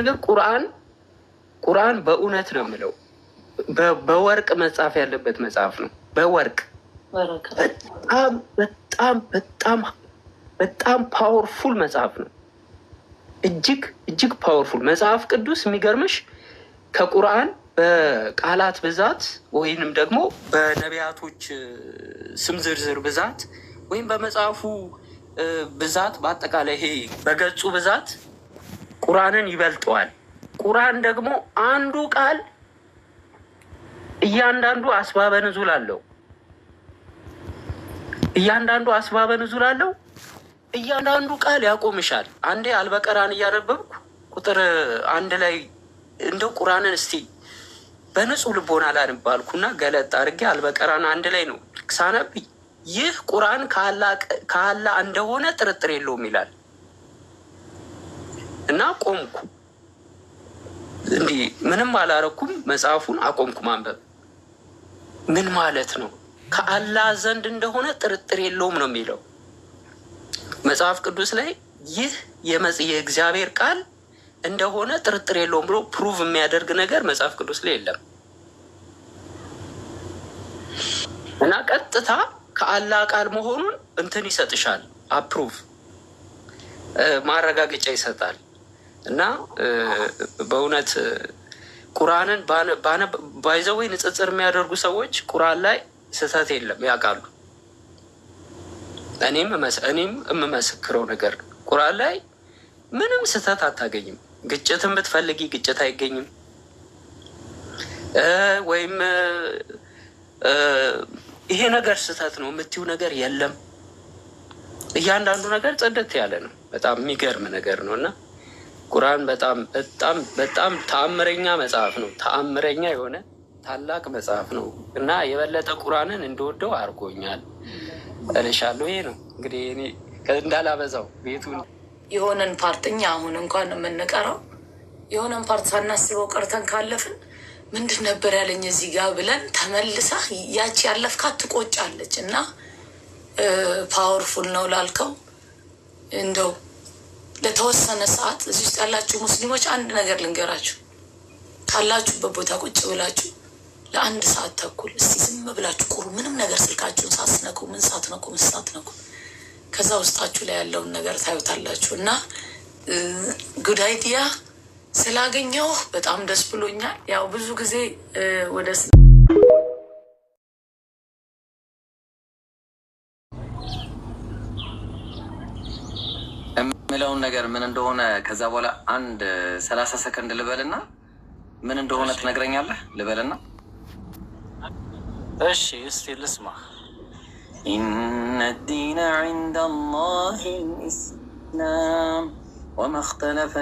ነገር ቁርአን ቁርአን በእውነት ነው የምለው በወርቅ መጽሐፍ ያለበት መጽሐፍ ነው። በወርቅ በጣም በጣም በጣም በጣም ፓወርፉል መጽሐፍ ነው። እጅግ እጅግ ፓወርፉል መጽሐፍ ቅዱስ የሚገርምሽ ከቁርአን በቃላት ብዛት ወይንም ደግሞ በነቢያቶች ስም ዝርዝር ብዛት ወይም በመጽሐፉ ብዛት በአጠቃላይ ይሄ በገጹ ብዛት ቁርአንን ይበልጠዋል። ቁርአን ደግሞ አንዱ ቃል እያንዳንዱ አስባበ ንዙል አለው። እያንዳንዱ አስባበ ንዙል አለው። እያንዳንዱ ቃል ያቆምሻል። አንዴ አልበቀራን እያነበብኩ ቁጥር አንድ ላይ እንደው ቁርአንን እስቲ በንጹህ ልቦና ላንብ አልኩና ገለጥ አድርጌ አልበቀራን አንድ ላይ ነው ሳነብ ይህ ቁርአን ከአላህ እንደሆነ ጥርጥር የለውም ይላል። እና ቆምኩ። እንዲህ ምንም አላረኩም፣ መጽሐፉን አቆምኩ ማንበብ። ምን ማለት ነው? ከአላህ ዘንድ እንደሆነ ጥርጥር የለውም ነው የሚለው መጽሐፍ ቅዱስ ላይ ይህ የእግዚአብሔር ቃል እንደሆነ ጥርጥር የለውም ብሎ ፕሩቭ የሚያደርግ ነገር መጽሐፍ ቅዱስ ላይ የለም እና ቀጥታ ከአላህ ቃል መሆኑን እንትን ይሰጥሻል፣ አፕሩቭ ማረጋገጫ ይሰጣል። እና በእውነት ቁርአንን ባይዘዌ ንጽጽር የሚያደርጉ ሰዎች ቁርአን ላይ ስህተት የለም ያውቃሉ። እኔም እኔም የምመሰክረው ነገር ነው። ቁርአን ላይ ምንም ስህተት አታገኝም። ግጭትን ብትፈልጊ ግጭት አይገኝም። ወይም ይሄ ነገር ስህተት ነው የምትይው ነገር የለም። እያንዳንዱ ነገር ጽድት ያለ ነው። በጣም የሚገርም ነገር ነው እና ቁርአን በጣም በጣም በጣም ተአምረኛ መጽሐፍ ነው። ተአምረኛ የሆነ ታላቅ መጽሐፍ ነው እና የበለጠ ቁርአንን እንደወደው አድርጎኛል እልሻለሁ። ይሄ ነው እንግዲህ እኔ እንዳላበዛው ቤቱ የሆነን ፓርት እኛ አሁን እንኳን የምንቀረው የሆነን ፓርት ሳናስበው ቀርተን ካለፍን ምንድን ነበር ያለኝ እዚህ ጋር ብለን ተመልሳ ያቺ ያለፍካት ትቆጫለች። እና ፓወርፉል ነው ላልከው እንደው ለተወሰነ ሰዓት እዚህ ውስጥ ያላችሁ ሙስሊሞች አንድ ነገር ልንገራችሁ። ካላችሁበት ቦታ ቁጭ ብላችሁ ለአንድ ሰዓት ተኩል እስቲ ዝም ብላችሁ ቁሩ። ምንም ነገር ስልካችሁን ሳትነኩ፣ ምን ሳትነኩ፣ ምን ሳትነኩ ከዛ ውስጣችሁ ላይ ያለውን ነገር ታዩታላችሁ። እና ጉድ አይዲያ ስላገኘሁ በጣም ደስ ብሎኛል። ያው ብዙ ጊዜ ወደ የምለውን ነገር ምን እንደሆነ ከዛ በኋላ አንድ ሰላሳ ሰከንድ ልበልና ምን እንደሆነ ትነግረኛለህ። ልበልና እሺ፣ እስቲ ልስማ። ኢነ ዲነ ዒንደ ላህ ልእስላም ወማ እኽተለፈ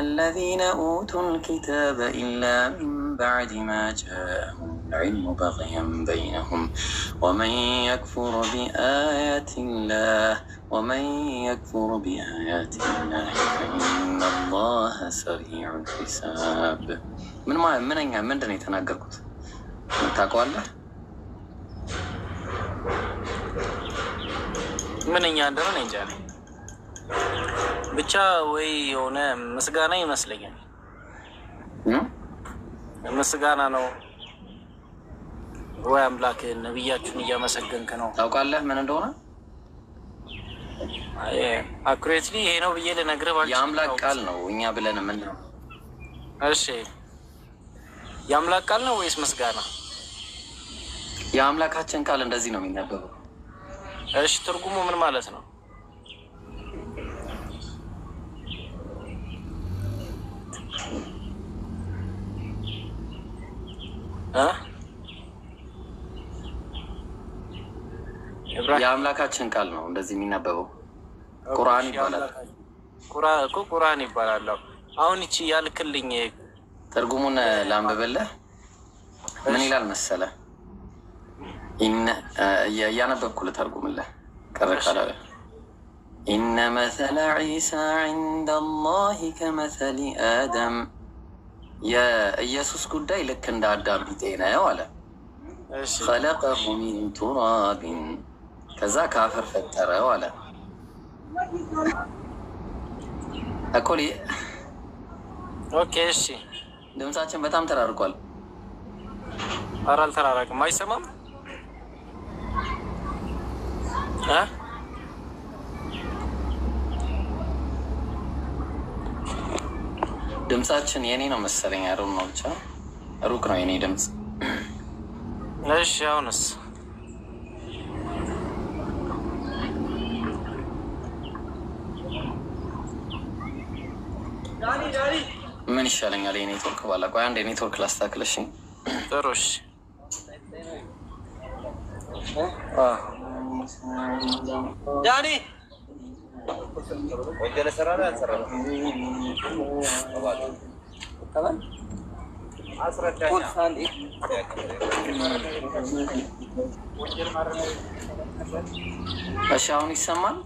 ኡቱ ልኪታበ ኢላ ምን ባዕድ ማ ጃኡ العلم بغيا بينهم ومن يكفر بآيات الله ومن يكفر بآيات الله فإن الله سريع الحساب من ما من أين من دني تناقركت من تاكو الله من أين درن إنجاني ብቻ ወይ የሆነ ምስጋና ይመስለኛል ምስጋና ነው ወይ አምላክ ነብያችሁን እያመሰገንክ ነው። ታውቃለህ ምን እንደሆነ አኩሬትሊ ይሄ ነው ብዬ ልነግርህ ባልችልም የአምላክ ቃል ነው። እኛ ብለን ምን ነው? እሺ የአምላክ ቃል ነው ወይስ ምስጋና? የአምላካችን ቃል እንደዚህ ነው የሚነበበው። እሺ ትርጉሙ ምን ማለት ነው? እ የአምላካችን ቃል ነው እንደዚህ የሚነበበው ቁርአን ይባላል። ቁርአን ይባላል። አሁን ይቺ ያልክልኝ ትርጉሙን ላንብብልህ። ምን ይላል መሰለ እያነበብኩ ልተርጉምልህ ቅር ካላለ ኢነ መሰለ ዒሳ ዒንደ ላሂ ከመሰሊ አደም የኢየሱስ ጉዳይ ልክ እንደ አዳም ቢጤ ነው አለ። ኸለቀሁ ሚን ቱራቢን ከዛ ከአፈር ፈጠረው አለ እኮ። ኦኬ እሺ። ድምፃችን በጣም ተራርቋል። ኧረ አልተራራቅም። አይሰማም? ድምጻችን የኔ ነው መሰለኝ። አሩም ነው ብቻ ሩቅ ነው የኔ ድምጽ። እሺ አሁንስ ምን ይሻለኛል? የኔትወርክ ባላ ቆይ አንድ የኔትወርክ ላስተካክለሽ። ጥሩ እሺ። ዳኒ እሺ፣ አሁን ይሰማል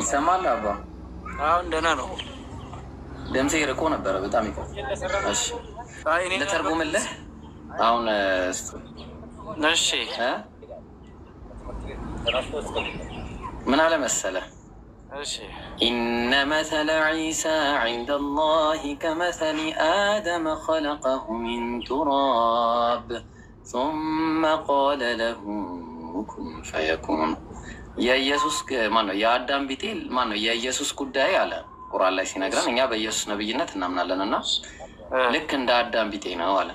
ይሰማል አባ አሁን ደህና ነው። ድምጼ ርቆ ነበረ በጣም ይቆ እሺ፣ ልተርጉምልህ አሁን እሺ። ምን አለ መሰለህ إن مثل عيسى عند الله كمثل آدم خلقه من تراب ثم قال له كن فيكون የኢየሱስ ማነው የአዳም ቢጤ ማነው የኢየሱስ ጉዳይ አለ ቁርአን ላይ ሲነግረን እኛ በኢየሱስ ነብይነት እናምናለን እና ልክ እንደ አዳም ቢጤ ነው አለ።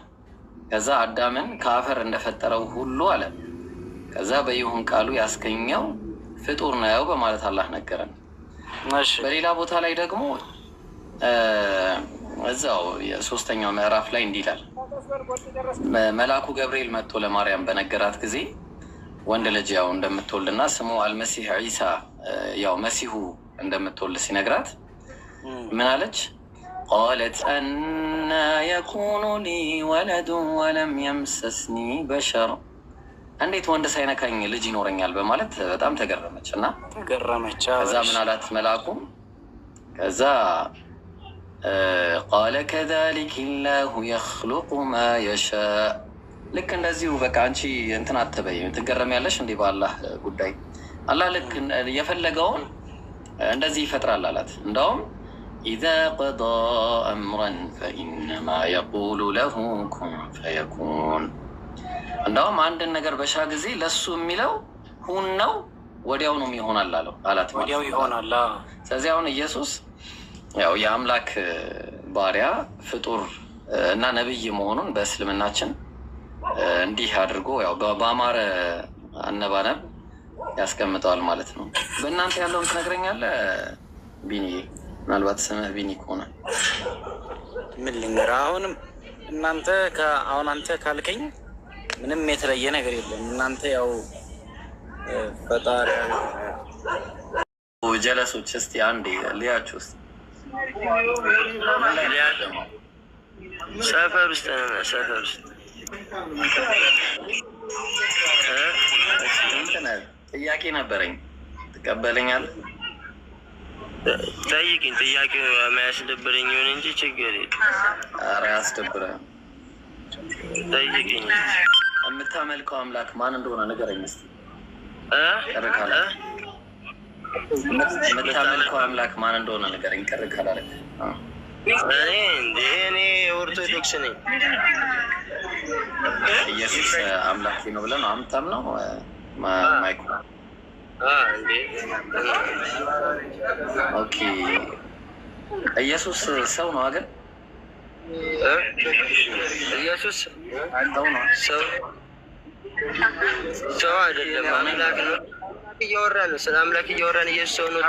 ከዛ አዳምን ከአፈር እንደፈጠረው ሁሉ አለ። ከዛ በይሁን ቃሉ ያስገኘው ፍጡር ነው በማለት አላህ ነገረን። በሌላ ቦታ ላይ ደግሞ እዛው የሶስተኛው ምዕራፍ ላይ እንዲህ ይላል፣ መልአኩ ገብርኤል መጥቶ ለማርያም በነገራት ጊዜ ወንድ ልጅ ያው እንደምትወልድና ስሙ አልመሲህ ዒሳ ያው መሲሁ እንደምትወልድ ሲነግራት ምን አለች? ቃለት አና የኩኑ ሊ ወለዱ ወለም የምሰስኒ በሸር እንዴት ወንድ ሳይነካኝ ልጅ ይኖረኛል? በማለት በጣም ተገረመች እና ተገረመች። ከዛ ምን አላት መልአኩ? ከዛ ቃለ ከዛሊክ ላሁ የክሉቁ ማ የሻእ ልክ እንደዚሁ በቃ አንቺ እንትን አትበይም፣ ትገረሚያለሽ እንዲህ በአላህ ጉዳይ አላህ ልክ የፈለገውን እንደዚህ ይፈጥራል አላት። እንደውም ኢዛ ቀዳ አምረን ፈኢነማ የቁሉ ለሁ ኩን ፈየኩን። እንደውም አንድን ነገር በሻ ጊዜ ለሱ የሚለው ሁን ነው፣ ወዲያው ነው ይሆናል አለው አላት። ወዲያው ይሆናል። ስለዚህ አሁን ኢየሱስ ያው የአምላክ ባሪያ ፍጡር እና ነብይ መሆኑን በእስልምናችን እንዲህ አድርጎ ያው በአማረ አነባነብ ያስቀምጠዋል ማለት ነው። በእናንተ ያለውን ትነግረኛለህ ቢኒ? ምናልባት ስምህ ቢኒ ከሆነ ምን ልንገርህ? አሁንም እናንተ አሁን አንተ ካልከኝ ምንም የተለየ ነገር የለም። እናንተ ያው ፈጣሪ ጀለሶች እስቲ አንድ ሊያችሁ ውስጥ ሰፈር ውስጥ ሰፈር ውስጥ ጥያቄ ነበረኝ፣ ትቀበለኛለህ? ጠይቅኝ። ጥያቄ የሚያስደብረኝ ይሁን እንጂ ችግር አረ ኧረ ጠይቅኝ። የምታመልከው አምላክ ማን እንደሆነ ንገረኝ እስኪ። ቅር ካላለህ የምታመልከው አምላክ ማን እንደሆነ ንገረኝ። ቅር ካላለህ ኦርቶዶክስ ነኝ። ኢየሱስ አምላክ ነው ብለን አምታም ነው ማይክ ኦኬ። ኢየሱስ ሰው ነው ኢየሱስ ሰው ነው። ሰው አይደለም፣ አምላክ ነው። እያወራን ነው፣ ስለ አምላክ እያወራን ኢየሱስ ሰው ነው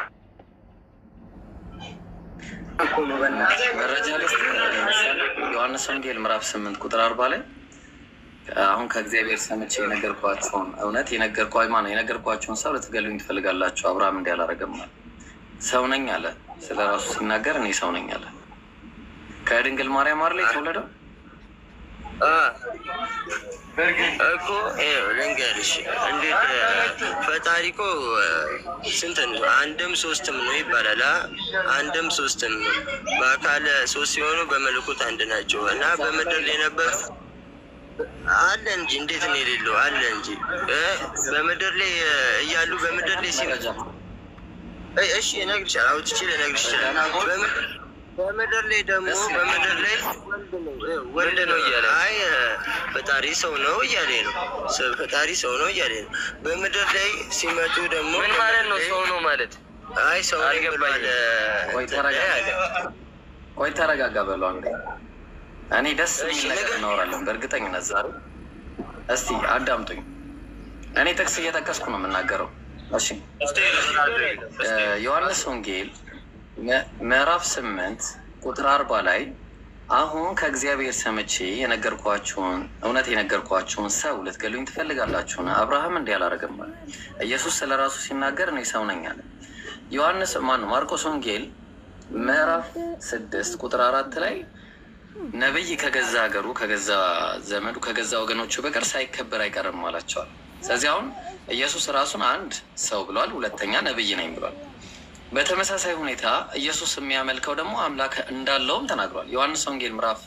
መረጃ ልስጥ። ዮሐንስ ወንጌል ምዕራፍ ስምንት ቁጥር አርባ ላይ አሁን ከእግዚአብሔር ሰምቼ የነገርኳቸውን እውነት ማ የነገርኳቸውን ሰው ልትገሉኝ ትፈልጋላቸው አብርሃም እንዲህ አላረገም አለ። ሰው ነኝ አለ። ስለ ራሱ ሲናገር እኔ ሰው ነኝ አለ። ከድንግል ማርያም አር ላይ የተወለደው እኮ ልንገርሽ፣ እንዴት ፈጣሪ እኮ ስንት ነው? አንድም ሶስትም ነው ይባላል። አንድም ሶስትም ነው። በአካል ሶስት ሲሆኑ በመልኩት አንድ ናቸው እና በምድር ላይ ነበር አለ እንጂ እንዴት ነው የሌለው? አለ እንጂ በምድር ላይ እያሉ በምድር ላይ ሲመጣ እሺ፣ እነግርሻለሁ፣ አውጥቼ ልነግርሽ ይችላል በምድር ላይ ደግሞ በምድር ላይ ወንድ ነው እያለ አይ ፈጣሪ ሰው ነው እያለ ነው። ፈጣሪ ሰው ነው እያለ ነው። በምድር ላይ ሲመጡ ደግሞ ምን ማለት ነው? ሰው ነው ማለት አይ ሰው አልገባኝ። ቆይ ተረጋጋ በለው አንዴ። እኔ ደስ የሚል ነገር እናወራለን በእርግጠኝነት ዛሬ። እስቲ አዳምጡኝ። እኔ ጥቅስ እየጠቀስኩ ነው የምናገረው። እሺ ዮሐንስ ወንጌል ምዕራፍ ስምንት ቁጥር አርባ ላይ አሁን ከእግዚአብሔር ሰምቼ የነገርኳችሁን እውነት የነገርኳችሁን ሰው ልትገሉኝ ትፈልጋላችሁን? አብርሃም እንዲህ አላደረገም። ኢየሱስ ስለ ራሱ ሲናገር እኔ ሰው ነኝ አለ። ዮሐንስ ማነው? ማርቆስ ወንጌል ምዕራፍ ስድስት ቁጥር አራት ላይ ነቢይ ከገዛ ሀገሩ ከገዛ ዘመዱ ከገዛ ወገኖቹ በቀር ሳይከበር አይቀርም አላቸዋል። ስለዚህ አሁን ኢየሱስ ራሱን አንድ ሰው ብሏል፣ ሁለተኛ ነቢይ ነኝ ብሏል። በተመሳሳይ ሁኔታ ኢየሱስ የሚያመልከው ደግሞ አምላክ እንዳለውም ተናግሯል። ዮሐንስ ወንጌል ምዕራፍ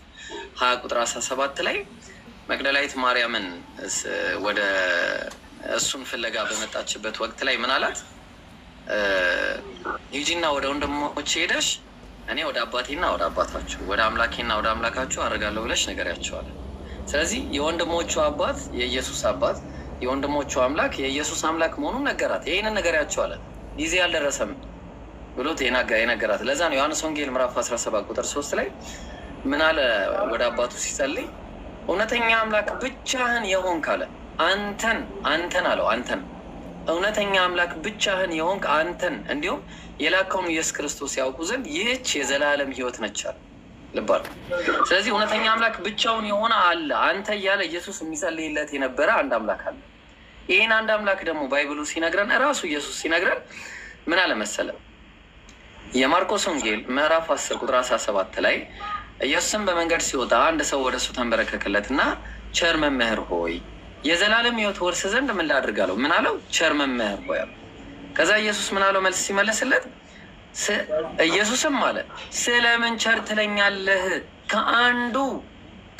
ሀያ ቁጥር አስራ ሰባት ላይ መቅደላዊት ማርያምን ወደ እሱን ፍለጋ በመጣችበት ወቅት ላይ ምን አላት? ሂጂና ወደ ወንድሞች ሄደሽ እኔ ወደ አባቴና ወደ አባታችሁ ወደ አምላኬና ወደ አምላካችሁ አድርጋለሁ ብለሽ ንገሪያቸዋል። ስለዚህ የወንድሞቹ አባት የኢየሱስ አባት የወንድሞቹ አምላክ የኢየሱስ አምላክ መሆኑን ነገራት። ይህንን ንገሪያቸዋል ጊዜ አልደረሰም ብሎ የነገራት። ለዛ ነው ዮሐንስ ወንጌል ምዕራፍ 17 ቁጥር 3 ላይ ምን አለ? ወደ አባቱ ሲጸልይ እውነተኛ አምላክ ብቻህን የሆንክ አለ። አንተን አንተን አለው አንተን እውነተኛ አምላክ ብቻህን የሆንክ አንተን እንዲሁም የላከውን ኢየሱስ ክርስቶስ ያውቁ ዘንድ ይህች የዘላለም ህይወት ነች አለ ልባል። ስለዚህ እውነተኛ አምላክ ብቻውን የሆነ አለ አንተ እያለ ኢየሱስ የሚጸልይለት የነበረ አንድ አምላክ አለ። ይህን አንድ አምላክ ደግሞ ባይብሉ ሲነግረን እራሱ ኢየሱስ ሲነግረን ምን አለ መሰለም የማርቆስ ወንጌል ምዕራፍ 10 ቁጥር 17 ላይ ኢየሱስም በመንገድ ሲወጣ አንድ ሰው ወደ እሱ ተንበረከከለት ተንበረከከለትና ቸር መምህር ሆይ የዘላለም ሕይወት ወርስ ዘንድ ምን ላድርግ አለው። ምን አለው? ቸር መምህር ሆይ አለው። ከዛ ኢየሱስ ምን አለው መልስ ሲመለስለት ኢየሱስም አለ ስለምን ቸር ትለኛለህ? ከአንዱ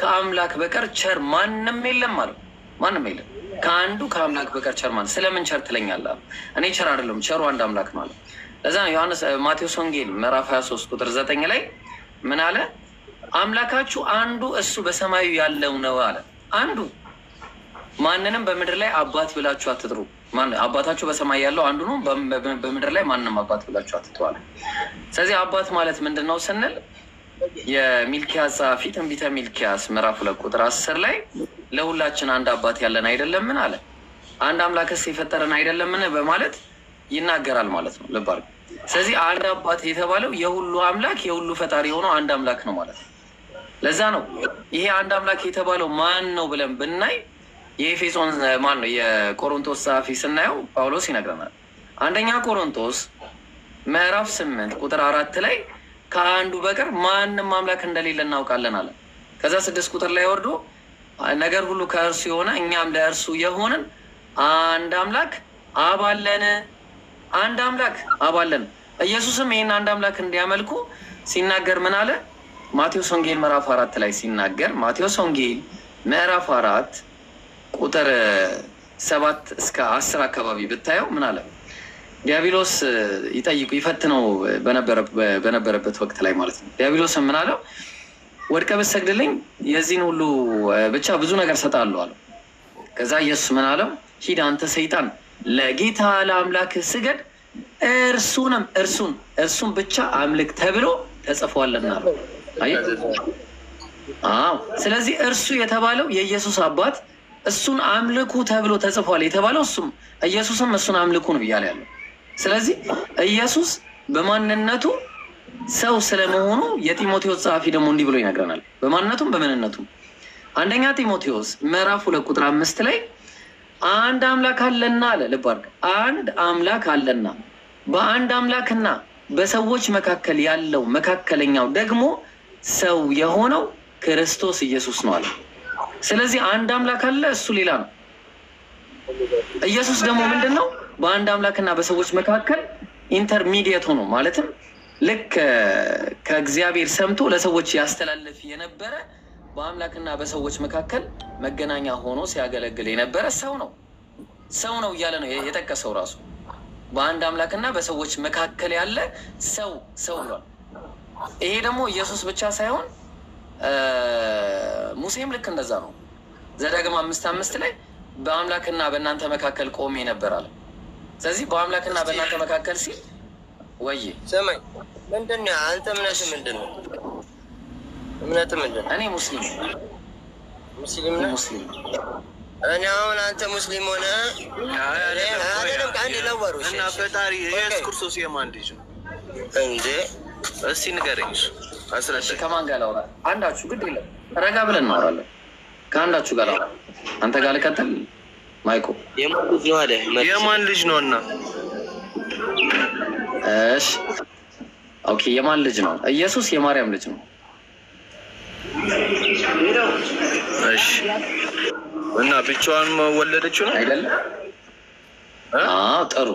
ከአምላክ በቀር ቸር ማንም የለም አለው። ማንም የለም ከአንዱ ከአምላክ በቀር ቸር ማለት ስለምን ቸር ትለኛለህ? እኔ ቸር አይደለም፣ ቸሩ አንድ አምላክ ነው አለ። እዛ ዮሐንስ ማቴዎስ ወንጌል ምዕራፍ 23 ቁጥር 9 ላይ ምን አለ? አምላካችሁ አንዱ እሱ በሰማዩ ያለው ነው አለ። አንዱ ማንንም በምድር ላይ አባት ብላችሁ አትጥሩ። አባታችሁ በሰማይ ያለው አንዱ ነው፣ በምድር ላይ ማንንም አባት ብላችሁ አትጥሩ አለ። ስለዚህ አባት ማለት ምንድን ነው ስንል የሚልኪያስ ጸሐፊ ትንቢተ ሚልኪያስ ምዕራፍ ሁለት ቁጥር አስር ላይ ለሁላችን አንድ አባት ያለን አይደለምን አለ። አንድ አምላክስ የፈጠረን አይደለምን በማለት ይናገራል ማለት ነው። ልብ ስለዚህ አንድ አባት የተባለው የሁሉ አምላክ የሁሉ ፈጣሪ የሆነው አንድ አምላክ ነው ማለት ነው። ለዛ ነው ይሄ አንድ አምላክ የተባለው ማን ነው ብለን ብናይ የኤፌሶን ማን ነው የቆሮንቶስ ጸሐፊ ስናየው ጳውሎስ ይነግረናል። አንደኛ ቆሮንቶስ ምዕራፍ ስምንት ቁጥር አራት ላይ ከአንዱ በቀር ማንም አምላክ እንደሌለ እናውቃለን አለ። ከዛ ስድስት ቁጥር ላይ ወርዶ ነገር ሁሉ ከእርሱ የሆነ እኛም ለእርሱ የሆንን አንድ አምላክ አባለን? አንድ አምላክ አባለን ኢየሱስም ይህን አንድ አምላክ እንዲያመልኩ ሲናገር ምን አለ? ማቴዎስ ወንጌል ምዕራፍ አራት ላይ ሲናገር ማቴዎስ ወንጌል ምዕራፍ አራት ቁጥር ሰባት እስከ አስር አካባቢ ብታየው ምን አለ? ዲያብሎስ ይጠይቁ ይፈትነው በነበረበት ወቅት ላይ ማለት ነው። ዲያብሎስም ምን አለው? ወድቀ ብትሰግድልኝ የዚህን ሁሉ ብቻ ብዙ ነገር እሰጥሃለሁ አለው። ከዛ ኢየሱስ ምን አለው? ሂድ አንተ ሰይጣን ለጌታ ለአምላክ ስገድ እርሱንም እርሱን እርሱን ብቻ አምልክ ተብሎ ተጽፏልና። አዎ፣ ስለዚህ እርሱ የተባለው የኢየሱስ አባት እሱን አምልኩ ተብሎ ተጽፏል የተባለው እሱም ኢየሱስም እሱን አምልኩ ነው እያለ ያለው። ስለዚህ ኢየሱስ በማንነቱ ሰው ስለመሆኑ የጢሞቴዎስ ጸሐፊ ደግሞ እንዲህ ብሎ ይነግረናል። በማንነቱም በምንነቱም አንደኛ ጢሞቴዎስ ምዕራፍ ሁለት ቁጥር አምስት ላይ አንድ አምላክ አለና አለ። ልብ አድርግ። አንድ አምላክ አለና በአንድ አምላክና በሰዎች መካከል ያለው መካከለኛው ደግሞ ሰው የሆነው ክርስቶስ ኢየሱስ ነው አለ። ስለዚህ አንድ አምላክ አለ፣ እሱ ሌላ ነው። ኢየሱስ ደግሞ ምንድን ነው? በአንድ አምላክና በሰዎች መካከል ኢንተርሚዲየት ሆኖ ማለትም ልክ ከእግዚአብሔር ሰምቶ ለሰዎች ያስተላለፍ የነበረ በአምላክና በሰዎች መካከል መገናኛ ሆኖ ሲያገለግል የነበረ ሰው ነው። ሰው ነው እያለ ነው የጠቀሰው ራሱ በአንድ አምላክና በሰዎች መካከል ያለ ሰው ሰው ብሏል። ይሄ ደግሞ ኢየሱስ ብቻ ሳይሆን ሙሴም ልክ እንደዛ ነው። ዘዳግም አምስት አምስት ላይ በአምላክና በእናንተ መካከል ቆሜ ነበራል። ስለዚህ በአምላክና በእናንተ መካከል ሲል ወይ ስማኝ ምንድን ነው አንተ ምነሽ ምንድን ነው? እምነት ምንድን ነው? እኔ ሙስሊም ሙስሊም ነህ? ሙስሊም እኔ አሁን አንተ ሙስሊም ሆነ አይደለም ከአንድ ለወሩ እና ፈጣሪ ኢየሱስ ክርስቶስ የማን ልጅ ነው እንዴ? እስቲ ንገረኝ። አስረሽ ከማን ጋር ላውራ? አንዳችሁ ግድ የለም ረጋ ብለን እናወራለን። ከአንዳችሁ ጋር ላውራ። አንተ ጋር ልቀጥል። ማይኮ የማን ልጅ ነው አለ? የማን ልጅ ነው እና እሺ ኦኬ፣ የማን ልጅ ነው? ኢየሱስ የማርያም ልጅ ነው። እሺ። እና ብቻዋን ወለደችው ነው አይደለም? አዎ፣ ጥሩ።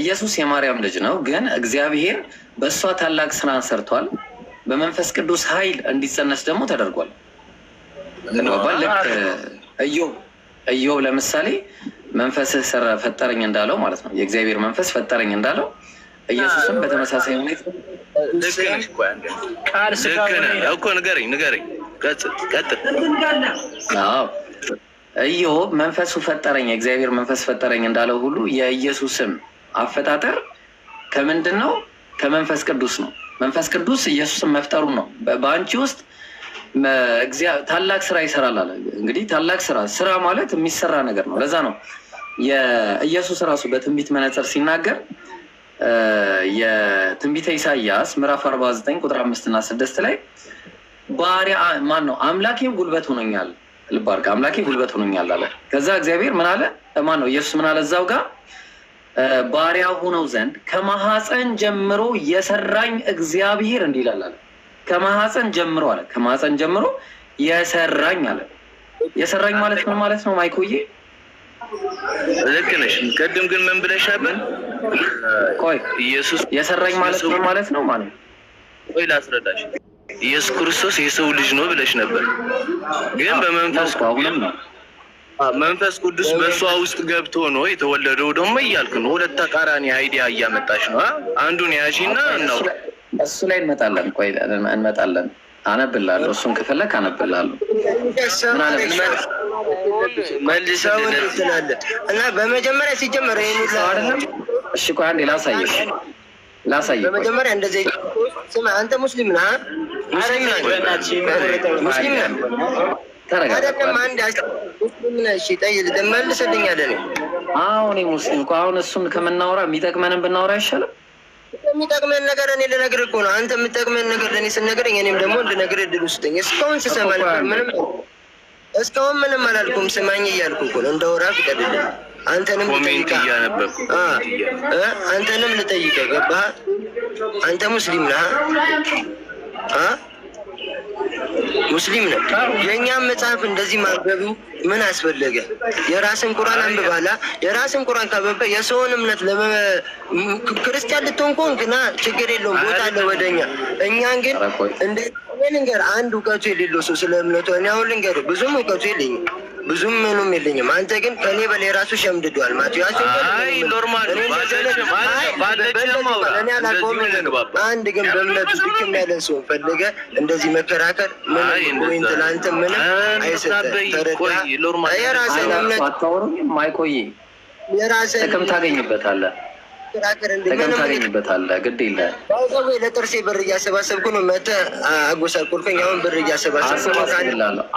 ኢየሱስ የማርያም ልጅ ነው፣ ግን እግዚአብሔር በእሷ ታላቅ ስራ ሰርቷል። በመንፈስ ቅዱስ ኃይል እንዲጸነስ ደግሞ ተደርጓል። ልክ እዮብ ለምሳሌ መንፈስህ ሰራ ፈጠረኝ እንዳለው ማለት ነው። የእግዚአብሔር መንፈስ ፈጠረኝ እንዳለው ኢየሱስም በተመሳሳይ ሁኔታ ቃል ስጋ እኮ ንገረኝ ንገረኝ ቀጥል። ኢዮብ መንፈሱ ፈጠረኝ እግዚአብሔር መንፈስ ፈጠረኝ እንዳለው ሁሉ የኢየሱስም አፈጣጠር ከምንድን ነው? ከመንፈስ ቅዱስ ነው። መንፈስ ቅዱስ ኢየሱስን መፍጠሩ ነው። በአንቺ ውስጥ ታላቅ ስራ ይሰራል አለ። እንግዲህ ታላቅ ስራ ስራ ማለት የሚሰራ ነገር ነው። ለዛ ነው የኢየሱስ ራሱ በትንቢት መነጽር ሲናገር የትንቢተ ኢሳያስ ምዕራፍ አርባ ዘጠኝ ቁጥር አምስት እና ስድስት ላይ ባሪያ ማን ነው? አምላኬም ጉልበት ሆኖኛል። ልብ አድርግ፣ አምላኬ ጉልበት ሆኖኛል አለ። ከዛ እግዚአብሔር ምን አለ? ማን ነው? ኢየሱስ ምን አለ? እዛው ጋር ባሪያ ሆነው ዘንድ ከማሐፀን ጀምሮ የሰራኝ እግዚአብሔር እንዲህ ይላል አለ። ከማሐፀን ጀምሮ አለ። ከማሐፀን ጀምሮ የሰራኝ አለ። የሰራኝ ማለት ምን ማለት ነው ማይኮዬ? ልክ ነሽ። ቅድም ግን ምን ብለሻብን? ቆይ ኢየሱስ የሰራኝ ማለት ነው ማለት ነው ማለት ቆይ ላስረዳሽ። ኢየሱስ ክርስቶስ የሰው ልጅ ነው ብለሽ ነበር፣ ግን በመንፈስ አሁንም መንፈስ ቅዱስ በእሷ ውስጥ ገብቶ ነው የተወለደው ደግሞ እያልክ ነው። ሁለት ተቃራኒ አይዲያ እያመጣሽ ነው። አንዱን ያዢና እናው እሱ ላይ እንመጣለን። ቆይ እንመጣለን አነብላለሁ። እሱን ከፈለክ አነብላለሁ። እና በመጀመሪያ ሲጀመር እሺ ቆይ አንዴ ላሳየሽ ላሳየሽ። በመጀመሪያ እንደዚህ ስማ፣ አንተ ሙስሊም ነህ? ሙስሊም አሁን ሙስሊም እኮ አሁን እሱን ከምናወራ የሚጠቅመንን ብናወራ አይሻልም? የሚጠቅመን ነገር እኔ ልነግርህ እኮ ነው። አንተ የምጠቅመን ነገር ለእኔ ስነግረኝ እኔም ደግሞ እንድነግርህ እድል ውስጠኝ። እስካሁን ስሰማ ምንም እስካሁን ምንም አላልኩም። ስማኝ እያልኩ እኮ ነው። እንደ ወራ ፍቀድልኝ። አንተንም አንተንም ልጠይቀህ ገባህ? አንተ ሙስሊም ነህ? ሙስሊም ነው። የእኛም መጽሐፍ እንደዚህ ማንበቡ ምን አስፈለገ? የራስን ቁርአን አንብባላ። የራስን ቁርአን ካበበ የሰውን እምነት ክርስቲያን ልትሆን እኮ ግና ችግር የለውም ቦታ አለ ወደኛ። እኛን ግን እንደ ልንገር አንድ እውቀቱ የሌለው ሰው ስለ እምነቱ እኔ አሁን ልንገር ብዙም እውቀቱ የለኝም ብዙም ምኑም የለኝም። አንተ ግን ከኔ በላይ ራሱ ሸምድዷል። ማቴዎስ ኖርማል አንድ ግን በእምነቱ ድክም ያለን ሰው ፈልገ እንደዚህ መከራከር ምንም ወይ ትላንት ምንም አይሰጠ ተረዳ። የራስህን እምነት የራስህን ጥቅም ታገኝበታለህ ታገኝበታለህ። ግድ የለም ለጥርሴ ብር እያሰባሰብኩ ነው። መተህ አጎሳቆልከኝ። አሁን ብር እያሰባሰብኩ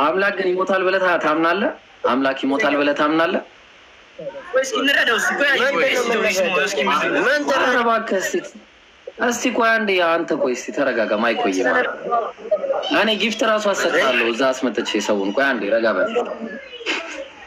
አምላክ ግን ይሞታል ብለህ ታምናለህ? አምላክ ይሞታል ብለህ ታምናለህ? እስቲ ቆይ አንዴ አንተ ቆይ እስቲ ተረጋጋ። ማይቆይ ማለት እኔ ጊፍት ራሱ አሰጥታለሁ እዛ አስመጥቼ ሰውን። ቆይ አንዴ ረጋ በል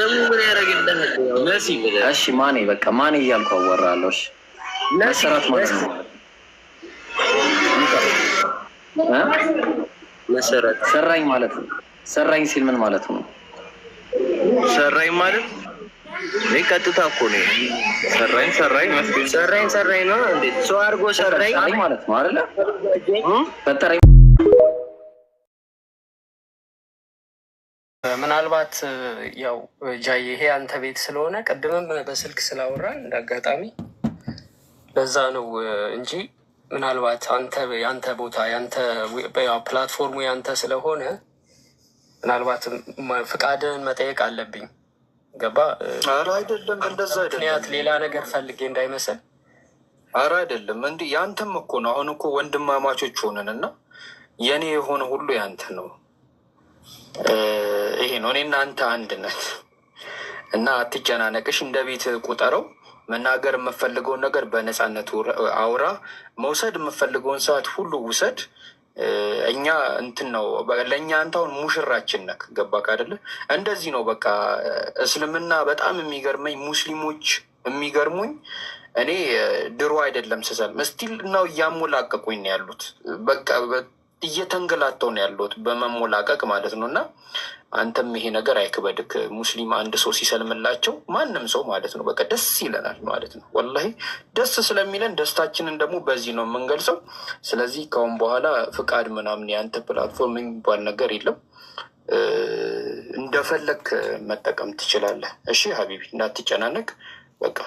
ደግሞ ምን ያደረግ እንደመደው መሲ እሺ፣ ማኔ በቃ ማኔ እያልኩ አወራለሁ። እሺ መሰራት ማለት ነው መሰረት ሰራኝ ማለት ነው። ሰራኝ ሲል ምን ማለት ነው? ሰራኝ ማለት እኔ ቀጥታ እኮ ነው ሰራኝ ሰራኝ ሰራኝ ሰራኝ ነው እንዴ? ሰው አድርጎ ሰራኝ ማለት ነው አይደለ? ፈጠረኝ ምናልባት ያው ጃዬ ይሄ አንተ ቤት ስለሆነ ቅድምም በስልክ ስላወራን አጋጣሚ በዛ ነው እንጂ ምናልባት አንተ ያንተ ቦታ ያንተ ፕላትፎርሙ ያንተ ስለሆነ ምናልባት ፍቃድን መጠየቅ አለብኝ። ገባ አይደለም? እንደዛ አይደለም። ምክንያት ሌላ ነገር ፈልጌ እንዳይመስል። አረ አይደለም፣ እንዲህ ያንተም እኮ ነው። አሁን እኮ ወንድማማቾች ሆነን እና የእኔ የሆነ ሁሉ ያንተ ነው። ይሄ ነው። እኔ እናንተ አንድነት እና አትጨናነቅሽ፣ እንደ ቤት ቁጠረው። መናገር የምፈልገውን ነገር በነፃነት አውራ። መውሰድ የምፈልገውን ሰዓት ሁሉ ውሰድ። እኛ እንትን ነው ለእኛ አንተ አሁን ሙሽራችን ነክ ገባክ አይደለ? እንደዚህ ነው በቃ። እስልምና በጣም የሚገርመኝ ሙስሊሞች የሚገርሙኝ እኔ ድሮ አይደለም ስሰልም ስቲል ነው እያሞላቀቁኝ ያሉት በቃ እየተንገላተው ነው ያለሁት በመሞላቀቅ ማለት ነው። እና አንተም ይሄ ነገር አይክበድክ። ሙስሊም አንድ ሰው ሲሰልምላቸው ማንም ሰው ማለት ነው በቃ ደስ ይለናል ማለት ነው። ወላሂ ደስ ስለሚለን ደስታችንን ደግሞ በዚህ ነው የምንገልጸው። ስለዚህ ካሁን በኋላ ፍቃድ ምናምን የአንተ ፕላትፎርም የሚባል ነገር የለም። እንደፈለግ መጠቀም ትችላለህ። እሺ ሀቢቢ እንዳትጨናነቅ። በቃ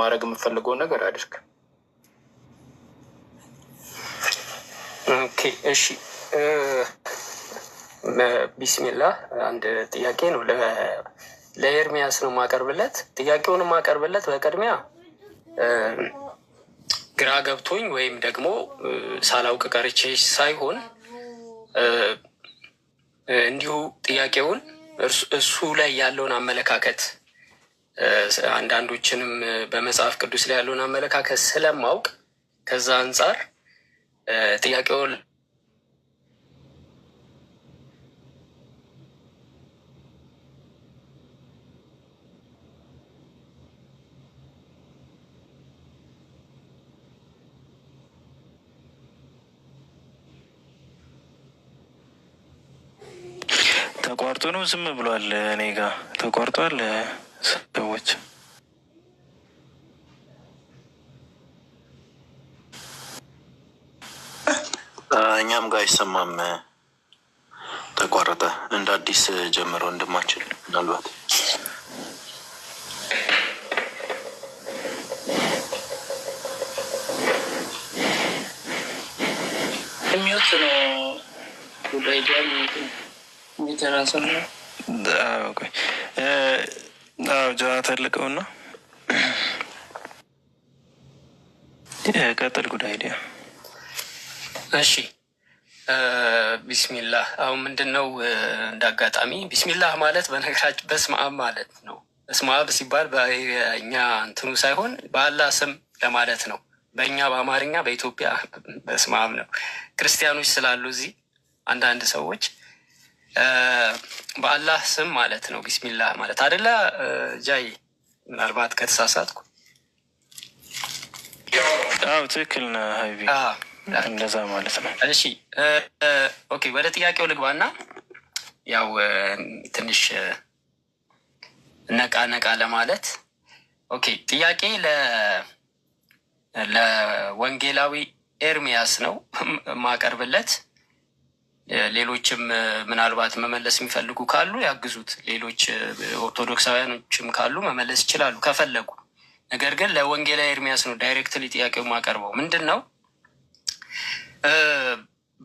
ማድረግ የምፈልገውን ነገር አድርግ። ኦኬ እሺ ቢስሚላ አንድ ጥያቄ ነው ለኤርሚያስ ነው የማቀርብለት። ጥያቄውን ማቀርብለት በቅድሚያ ግራ ገብቶኝ ወይም ደግሞ ሳላውቅ ቀርቼ ሳይሆን እንዲሁ ጥያቄውን እሱ ላይ ያለውን አመለካከት አንዳንዶችንም በመጽሐፍ ቅዱስ ላይ ያለውን አመለካከት ስለማውቅ ከዛ አንጻር ጥያቄውን ተቋርጦ ነው ዝም ብሏል? እኔ ጋ ተቋርጧል። ሰዎች እኛም ጋር አይሰማም። ተቋረጠ። እንደ አዲስ ጀምሮ ወንድማችን ምናልባት የሚወስነው ጉዳይ ጆናታን ልቀውና ቀጥል ጉዳይ ዲያ እሺ ቢስሚላህ አሁን ምንድን ነው እንደ አጋጣሚ ቢስሚላህ ማለት በነገራችን በስመ አብ ማለት ነው። በስመ አብ ሲባል በእኛ እንትኑ ሳይሆን በአላህ ስም ለማለት ነው። በእኛ በአማርኛ በኢትዮጵያ በስመ አብ ነው። ክርስቲያኖች ስላሉ እዚህ አንዳንድ ሰዎች በአላህ ስም ማለት ነው። ቢስሚላህ ማለት አደለ ጃይ? ምናልባት ከተሳሳትኩ አዎ፣ ትክክል ነህ ሀይቢ፣ እንደዛ ማለት ነው። እሺ ኦኬ፣ ወደ ጥያቄው ልግባና ያው ትንሽ ነቃ ነቃ ለማለት ኦኬ። ጥያቄ ለወንጌላዊ ኤርሚያስ ነው ማቀርብለት ሌሎችም ምናልባት መመለስ የሚፈልጉ ካሉ ያግዙት። ሌሎች ኦርቶዶክሳውያኖችም ካሉ መመለስ ይችላሉ ከፈለጉ። ነገር ግን ለወንጌላዊ ኤርሚያስ ነው ዳይሬክትሊ ጥያቄው የማቀርበው ምንድን ነው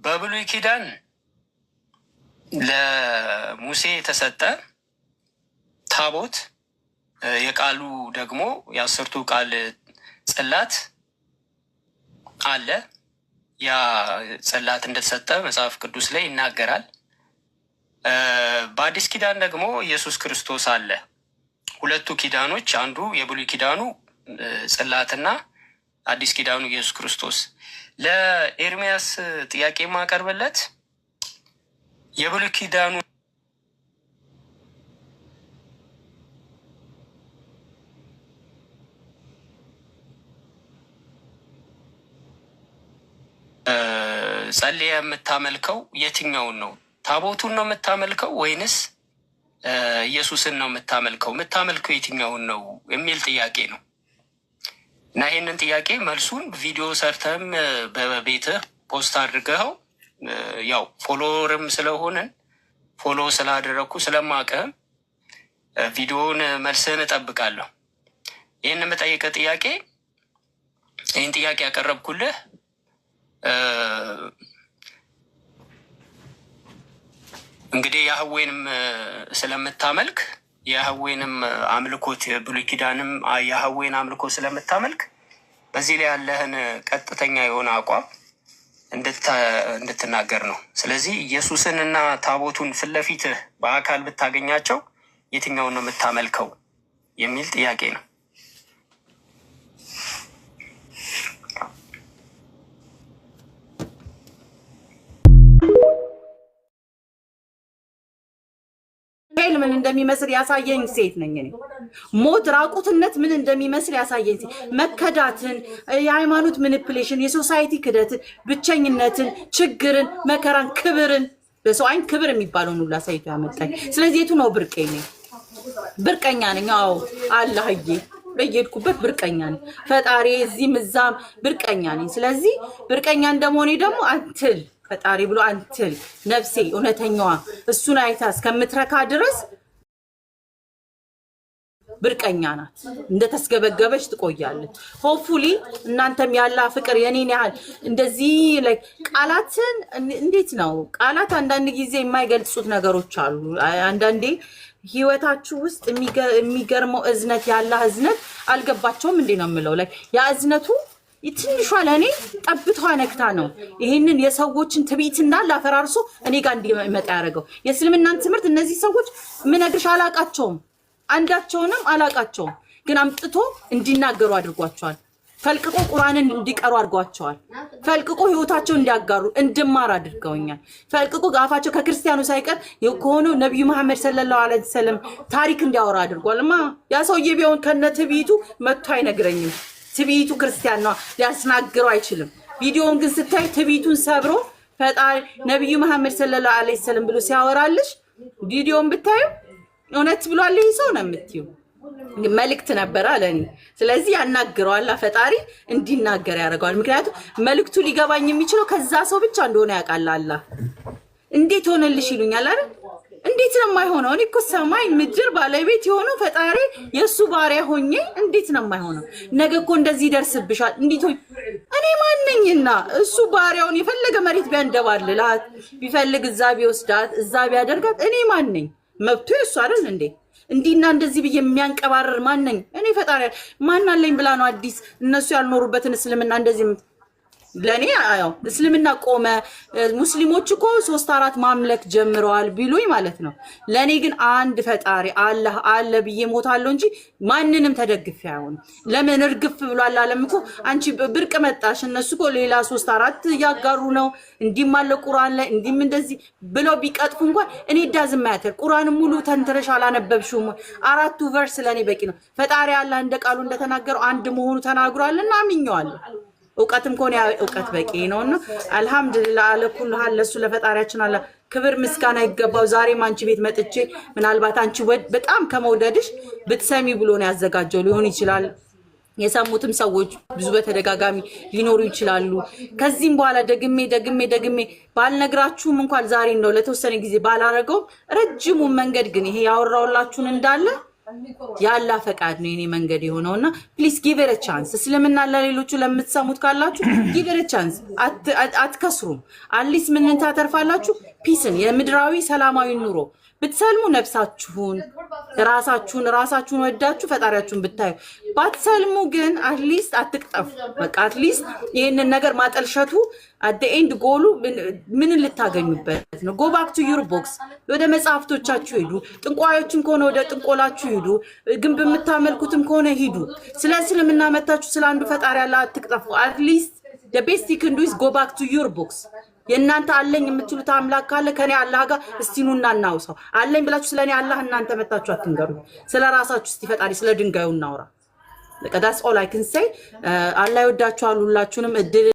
በብሉይ ኪዳን ለሙሴ የተሰጠ ታቦት የቃሉ ደግሞ የአስርቱ ቃል ጽላት አለ። ያ ጽላት እንደተሰጠ መጽሐፍ ቅዱስ ላይ ይናገራል። በአዲስ ኪዳን ደግሞ ኢየሱስ ክርስቶስ አለ። ሁለቱ ኪዳኖች አንዱ የብሉይ ኪዳኑ ጽላትና አዲስ ኪዳኑ ኢየሱስ ክርስቶስ። ለኤርሚያስ ጥያቄ ማቀርብለት የብሉይ ኪዳኑ ጸልየ የምታመልከው የትኛውን ነው? ታቦቱን ነው የምታመልከው ወይንስ ኢየሱስን ነው የምታመልከው? የምታመልከው የትኛውን ነው የሚል ጥያቄ ነው እና ይህንን ጥያቄ መልሱን ቪዲዮ ሰርተም በቤትህ ፖስት አድርገኸው ያው ፎሎወርም ስለሆንን ፎሎ ስላደረግኩ ስለማቀህም ቪዲዮውን መልስህን እጠብቃለሁ። ይህን የምጠይቀ ጥያቄ ይህን ጥያቄ ያቀረብኩልህ እንግዲህ ያህዌንም ስለምታመልክ የህዌንም አምልኮት ብሉይ ኪዳንም አምልኮ ስለምታመልክ በዚህ ላይ ያለህን ቀጥተኛ የሆነ አቋም እንድትናገር ነው። ስለዚህ ኢየሱስን እና ታቦቱን ፊት በአካል ብታገኛቸው የትኛውን ነው የምታመልከው የሚል ጥያቄ ነው። ምን እንደሚመስል ያሳየኝ ሴት ነኝ እኔ። ሞት ራቁትነት ምን እንደሚመስል ያሳየኝ ሴት መከዳትን፣ የሃይማኖት ምንፕሌሽን፣ የሶሳይቲ ክደትን፣ ብቸኝነትን፣ ችግርን፣ መከራን፣ ክብርን በሰው አይን ክብር የሚባለውን ሁሉ አሳይቶ ያመጣኝ። ስለዚህ የቱ ነው ብርቄ ነኝ? ብርቀኛ ነኝ። አዎ አላህዬ በየሄድኩበት ብርቀኛ ነኝ። ፈጣሪ እዚህም እዛም ብርቀኛ ነኝ። ስለዚህ ብርቀኛ እንደመሆኔ ደግሞ አንትል ፈጣሪ ብሎ አንትል ነፍሴ እውነተኛዋ እሱን አይታ እስከምትረካ ድረስ ብርቀኛ ናት። እንደተስገበገበች ትቆያለች። ሆፕፉሊ እናንተም ያላ ፍቅር የኔን ያህል እንደዚህ ላይ ቃላትን እንዴት ነው ቃላት አንዳንድ ጊዜ የማይገልጹት ነገሮች አሉ። አንዳንዴ ህይወታችሁ ውስጥ የሚገርመው እዝነት ያላ እዝነት አልገባቸውም እንዴ ነው የምለው ላይ ያ እዝነቱ ትንሿ ለእኔ ጠብቷ ነክታ ነው ይህንን የሰዎችን ትቢትና ላፈራርሶ እኔ ጋር እንዲመጣ ያደረገው የእስልምናን ትምህርት እነዚህ ሰዎች ምነግርሽ አላቃቸውም። አንዳቸውንም አላቃቸውም፣ ግን አምጥቶ እንዲናገሩ አድርጓቸዋል። ፈልቅቆ ቁርአንን እንዲቀሩ አድርጓቸዋል። ፈልቅቆ ህይወታቸው እንዲያጋሩ እንድማር አድርገውኛል። ፈልቅቆ አፋቸው ከክርስቲያኑ ሳይቀር ከሆኑ ነቢዩ መሐመድ ሰለላሁ ዐለይሂ ወሰለም ታሪክ እንዲያወራ አድርጓል። ማ ያ ሰውዬ ቢሆን ከነ ትብይቱ መጥቶ አይነግረኝም። ትብይቱ ክርስቲያን ነው፣ ሊያስናግረው አይችልም። ቪዲዮውን ግን ስታይ ትብይቱን ሰብሮ ፈጣሪ ነቢዩ መሐመድ ሰለላሁ ዐለይሂ ወሰለም ብሎ ሲያወራልሽ ቪዲዮውን ብታዩ እውነት ብሏል ይህ ሰው ነው የምትዩ መልእክት ነበር አለ ስለዚህ ያናግረዋላ ፈጣሪ እንዲናገር ያደርገዋል። ምክንያቱም መልእክቱ ሊገባኝ የሚችለው ከዛ ሰው ብቻ እንደሆነ ያውቃል። አላ እንዴት ሆነልሽ ይሉኛል አይደል? እንዴት ነው የማይሆነው? እኔ እኮ ሰማይ ምድር ባለቤት የሆነው ፈጣሪ የእሱ ባሪያ ሆኜ እንዴት ነው የማይሆነው? ነገ እኮ እንደዚህ ይደርስብሻል። እንዴት ሆኝ እኔ ማንኝና እሱ ባሪያውን የፈለገ መሬት ቢያንደባልላት ቢፈልግ እዛ ቢወስዳት እዛ ቢያደርጋት እኔ ማንኝ? መብቱ የእሱ አይደል እንዴ? እንዲህና እንደዚህ ብዬ የሚያንቀባርር ማን ነኝ እኔ? ፈጣሪ አለኝ ብላ ነው አዲስ እነሱ ያልኖሩበትን እስልምና እንደዚህ ለእኔ ያው እስልምና ቆመ። ሙስሊሞች እኮ ሶስት አራት ማምለክ ጀምረዋል ቢሉኝ ማለት ነው። ለእኔ ግን አንድ ፈጣሪ አላህ አለ ብዬ ሞታለሁ እንጂ ማንንም ተደግፌ አይሆንም። ለምን እርግፍ ብሏል አለም እኮ አንቺ ብርቅ መጣሽ። እነሱ እኮ ሌላ ሶስት አራት እያጋሩ ነው። እንዲም አለ ቁርአን ላይ እንዲም እንደዚህ ብለው ቢቀጥፉ እንኳን እኔ ዳዝም ያተር ቁርአንም ሙሉ ተንትረሽ አላነበብሽውም። አራቱ ቨርስ ለእኔ በቂ ነው። ፈጣሪ አላህ እንደ ቃሉ እንደተናገረው አንድ መሆኑ ተናግሯልና አምኜዋለሁ። እውቀትም ከሆነ እውቀት በቂ ነው እና አልሐምድልላ አለኩል ሃል ለሱ ለፈጣሪያችን አለ ክብር ምስጋና ይገባው። ዛሬም አንቺ ቤት መጥቼ ምናልባት አንቺ በጣም ከመውደድሽ ብትሰሚ ብሎ ነው ያዘጋጀው ሊሆን ይችላል። የሰሙትም ሰዎች ብዙ በተደጋጋሚ ሊኖሩ ይችላሉ። ከዚህም በኋላ ደግሜ ደግሜ ደግሜ ባልነግራችሁም እንኳን ዛሬ ነው ለተወሰነ ጊዜ ባላረገው ረጅሙን መንገድ ግን ይሄ ያወራውላችሁን እንዳለ ያላ ፈቃድ ነው የኔ መንገድ የሆነው እና ፕሊስ ጊቨር ቻንስ። እስልምና ለሌሎቹ ለምትሰሙት ካላችሁ ጊቨር ቻንስ፣ አትከስሩም። አትሊስት ምን ታተርፋላችሁ? ፒስን፣ የምድራዊ ሰላማዊ ኑሮ ብትሰልሙ ነፍሳችሁን ራሳችሁን ራሳችሁን ወዳችሁ ፈጣሪያችሁን ብታዩ፣ ባትሰልሙ ግን አትሊስት አትቅጠፉ። በቃ አትሊስት ይህንን ነገር ማጠልሸቱ አደኤንድ ጎሉ ምን ልታገኙበት ነው? ጎ ቱ ዩር ቦክስ፣ ወደ መጽሐፍቶቻችሁ ሂዱ። ጥንቋዮችም ከሆነ ወደ ጥንቆላችሁ ሂዱ። ግንብ የምታመልኩትም ከሆነ ሂዱ። ስለ እስልምና መታችሁ ስለ አንዱ ፈጣሪ ያለ አትቅጠፉ። አትሊስት ቤስት ክንዱስ ቱ ዩር ቦክስ የእናንተ አለኝ የምትሉት አምላክ ካለ ከኔ አላህ ጋር እስቲ ኑና እናውሳው። አለኝ ብላችሁ ስለ እኔ አላህ እናንተ መታችሁ አትንገሩ። ስለ ራሳችሁ እስቲ ፈጣሪ ስለ ድንጋዩ እናውራ። ቀዳስ ኦል አይ አላህ ይወዳችኋል ሁላችሁንም እድል